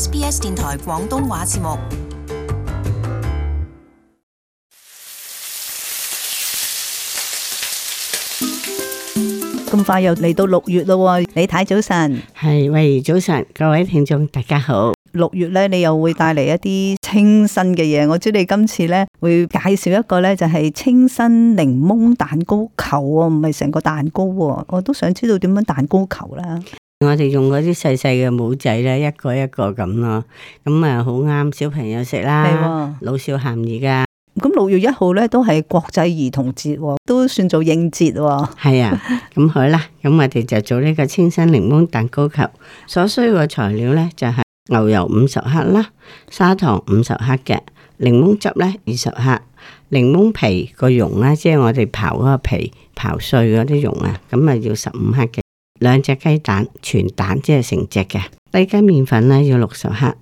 SBS 電台廣東話節目，咁快又嚟到六月咯！李太早晨，係喂，早晨，各位聽眾大家好。六月咧，你又會帶嚟一啲清新嘅嘢。我知你今次咧會介紹一個咧就係清新檸檬蛋糕球哦，唔係成個蛋糕，我都想知道點樣蛋糕球啦。我哋用嗰啲細細嘅帽仔咧，一個一個咁咯，咁啊好啱小朋友食啦，係老少咸宜噶。咁六月一號咧都係國際兒童節，都算做應節。係啊，咁好啦，咁我哋就做呢個清新檸檬蛋糕球。所需嘅材料咧就係牛油五十克啦，砂糖五十克嘅，檸檬汁咧二十克，檸檬皮個蓉啦，即係我哋刨嗰個皮刨碎嗰啲蓉啊，咁啊要十五克嘅。兩隻雞蛋，全蛋即係成隻嘅。低筋麵粉咧，要六十克，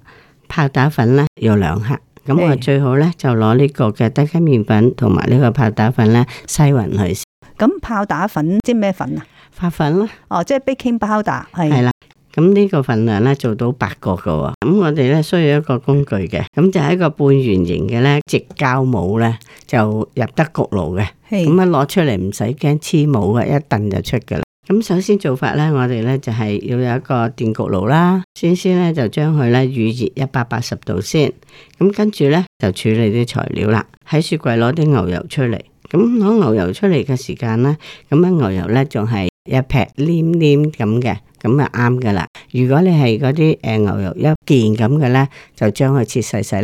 泡打粉咧要兩克。咁是我最好咧就攞呢個嘅低筋麵粉同埋呢個泡打粉咧，篩勻佢。咁泡打粉即係咩粉啊？發粉咯。哦，即係 baking powder。係係啦。咁呢個份量咧做到八個嘅。咁我哋咧需要一個工具嘅，咁就係一個半圓形嘅咧，矽膠模咧就入得焗爐嘅。咁一攞出嚟唔使驚黐模嘅，一燉就出嘅啦。咁首先做法呢，我哋呢就係要有一個電焗爐啦，先先呢，就將佢呢預熱一百八十度先，咁跟住呢，就處理啲材料啦。喺雪櫃攞啲牛油出嚟，咁、嗯、攞牛油出嚟嘅時間呢，咁樣牛油呢仲係一劈黏黏咁嘅，咁就啱噶啦。如果你係嗰啲誒牛油一件咁嘅呢，就將佢切細細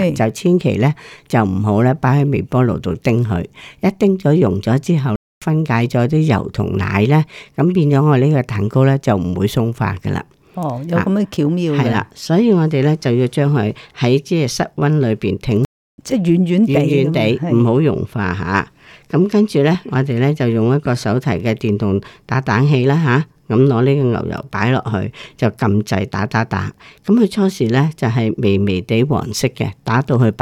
粒，就千祈呢，就唔好呢擺喺微波爐度叮佢，一叮咗溶咗之後。分解咗啲油同奶咧，咁變咗我呢個蛋糕咧就唔會鬆化噶啦。哦，有咁嘅巧妙嘅。係啦，所以我哋咧就要將佢喺即係室溫裏邊挺，即係軟軟軟軟地，唔好融化吓。咁的跟住咧，我哋咧就用一個手提嘅電動打蛋器啦吓。咁攞呢個牛油擺落去，就撳掣打打打。咁佢、嗯、初時咧就係微微地黃色嘅，打到佢白。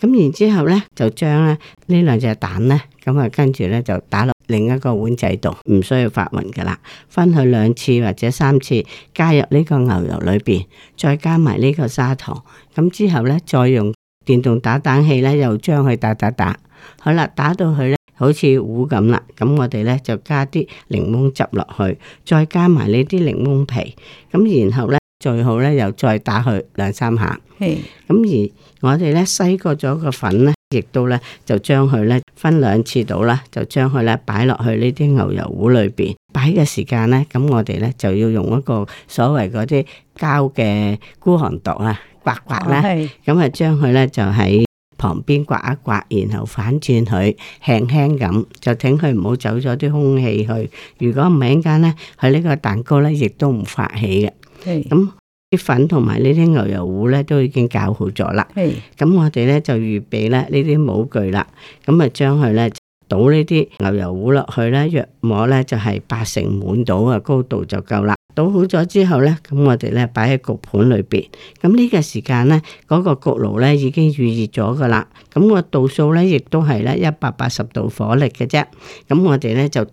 咁、嗯、然之後咧就將咧呢兩隻蛋咧。咁啊，跟住咧就打落另一個碗仔度，唔需要發勻噶啦。分去兩次或者三次，加入呢個牛油裏邊，再加埋呢個砂糖。咁之後咧，再用電動打蛋器咧，又將佢打打打。好啦，打到佢咧好似糊咁啦。咁我哋咧就加啲檸檬汁落去，再加埋呢啲檸檬皮。咁然後咧，最好咧又再打佢兩三下。係是。咁而我哋咧篩過咗個粉咧。亦都咧就將佢咧分兩次倒啦，就將佢咧擺落去呢啲牛油壺裏邊。擺嘅時間呢，咁我哋呢就要用一個所謂嗰啲膠嘅孤寒毒啦，刮刮啦，咁啊將佢呢就喺旁邊刮一刮，然後反轉佢，輕輕咁就請佢唔好走咗啲空氣去。如果唔係一陣間咧，佢呢個蛋糕呢亦都唔發起嘅。咁是啲粉同埋呢啲牛油糊咧都已經搞好咗啦。咁 Hey. 我哋咧就預備咧呢啲模具啦。咁啊，將佢咧倒呢啲牛油糊落去咧，約摸咧就係八成滿到嘅高度就夠啦。倒好咗之後咧，咁我哋咧擺喺焗盤裏邊。咁呢個時間咧，嗰、那個焗爐咧已經預熱咗噶啦。咁、那個度數咧亦都係咧一百八十度火力嘅啫。咁我哋咧就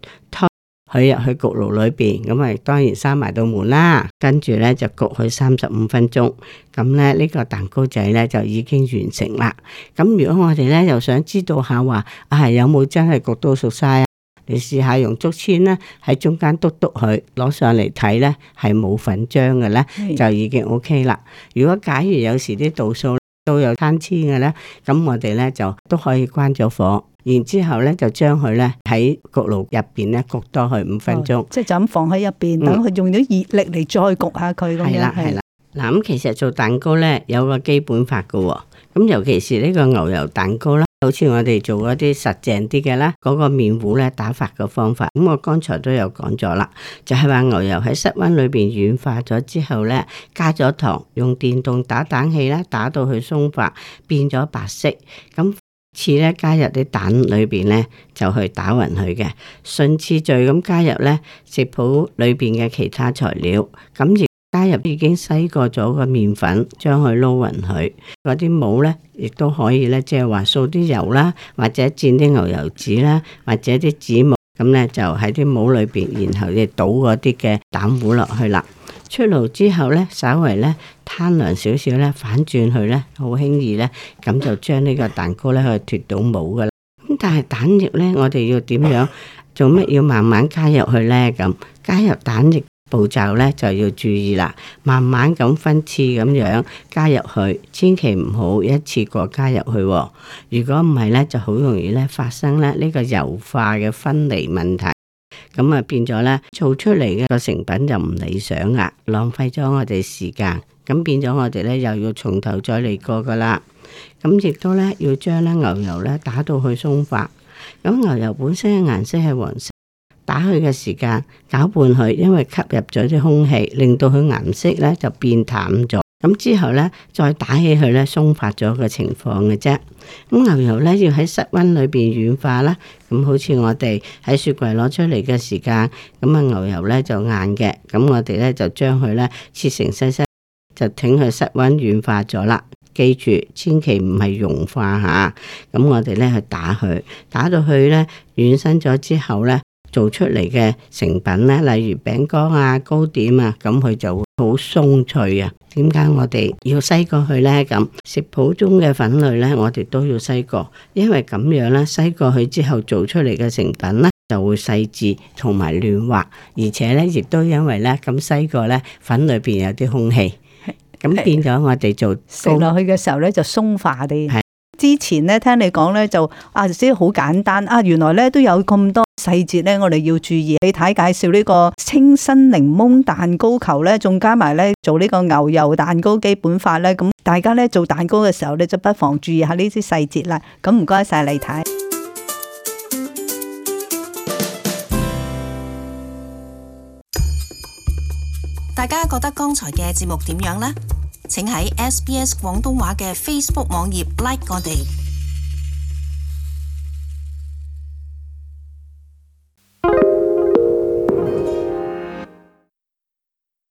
佢入去焗爐裏邊，咁啊當然閂埋到門啦。跟住咧就焗佢三十五分鐘，咁咧呢個蛋糕仔咧就已經完成啦。咁如果我哋咧又想知道下話，啊有冇真係焗到熟晒？你試下用竹簽咧喺中間篤篤佢，攞上嚟睇咧係冇粉漿嘅咧，是就已經 OK 啦。如果假如有時啲度數都有參差嘅咧，咁我哋咧就都可以關咗火。然之後咧，就將佢咧喺焗爐入邊咧焗多佢五分鐘，哦。即係就咁放喺入邊，等佢、嗯、用咗熱力嚟再焗下佢咁樣啦。係啦。嗱咁、嗯、其實做蛋糕咧有個基本法噶喎，哦。咁尤其是呢個牛油蛋糕啦，好似我哋做嗰啲實淨啲嘅啦，嗰、那個麵糊咧打發嘅方法，咁我剛才都有講咗啦，就係、是、話牛油喺室温裏邊軟化咗之後咧，加咗糖，用電動打蛋器啦，打到佢鬆化，變咗白色咁。次咧加入啲蛋裏邊咧，就去打勻佢嘅順次序咁加入咧食譜裏邊嘅其他材料，咁亦加入已經篩過咗個麵粉，將佢撈勻佢。嗰啲帽咧亦都可以咧，即係話掃啲油啦，或者沾啲牛油紙啦，或者啲紙帽咁咧，就喺啲帽裏邊，然後你倒嗰啲嘅蛋糊落去啦。出爐之後呢，稍微呢，攤涼少少呢，反轉去呢，好輕易呢，咁就將呢個蛋糕呢，可以脱到模噶啦。咁但係蛋液呢，我哋要點樣做？乜要慢慢加入去呢？咁加入蛋液步驟呢，就要注意啦，慢慢咁分次咁樣加入去，千祈唔好一次過加入去喎。如果唔係呢，就好容易呢，發生呢呢個油化嘅分離問題。咁啊，變咗呢，做出嚟嘅個成品就唔理想啦，浪費咗我哋時間。咁變咗我哋呢，又要從頭再嚟過噶啦。咁亦都呢，要將呢牛油呢打到去鬆化。咁牛油本身嘅顏色係黃色，打佢嘅時間攪拌佢，因為吸入咗啲空氣，令到佢顏色呢就變淡咗。咁之後呢，再打起佢呢，鬆發咗嘅情況嘅啫。咁牛油呢，要喺室溫裏邊軟化啦。咁好似我哋喺雪櫃攞出嚟嘅時間，咁啊牛油呢就硬嘅。咁我哋呢，就將佢呢切成細細，就挺去室溫軟化咗啦。記住，千祈唔係溶化吓。咁、啊、我哋呢，去打佢，打到佢呢軟身咗之後呢。做出嚟嘅成品咧，例如餅乾啊、糕點啊，咁佢就會好鬆脆啊。點解我哋要篩過去咧？咁食譜中嘅粉類咧，我哋都要篩過，因為咁樣咧篩過去之後做出嚟嘅成品咧就會細緻同埋嫩滑，而且咧亦都因為咧咁篩過咧粉裏邊有啲空氣，咁變咗我哋做食落去嘅時候咧就鬆化啲。之前咧聽你講咧就啊，即係好簡單啊，原來咧都有咁多。細節咧，我哋要注意。李太介紹呢個清新檸檬蛋糕球咧，仲加埋咧做呢個牛油蛋糕基本法咧，咁大家咧做蛋糕嘅時候咧，就不妨注意下呢啲細節啦。咁唔該晒李太。你大家覺得剛才嘅節目點樣呢？請喺 SBS 廣東話嘅 Facebook 網頁 like 我哋。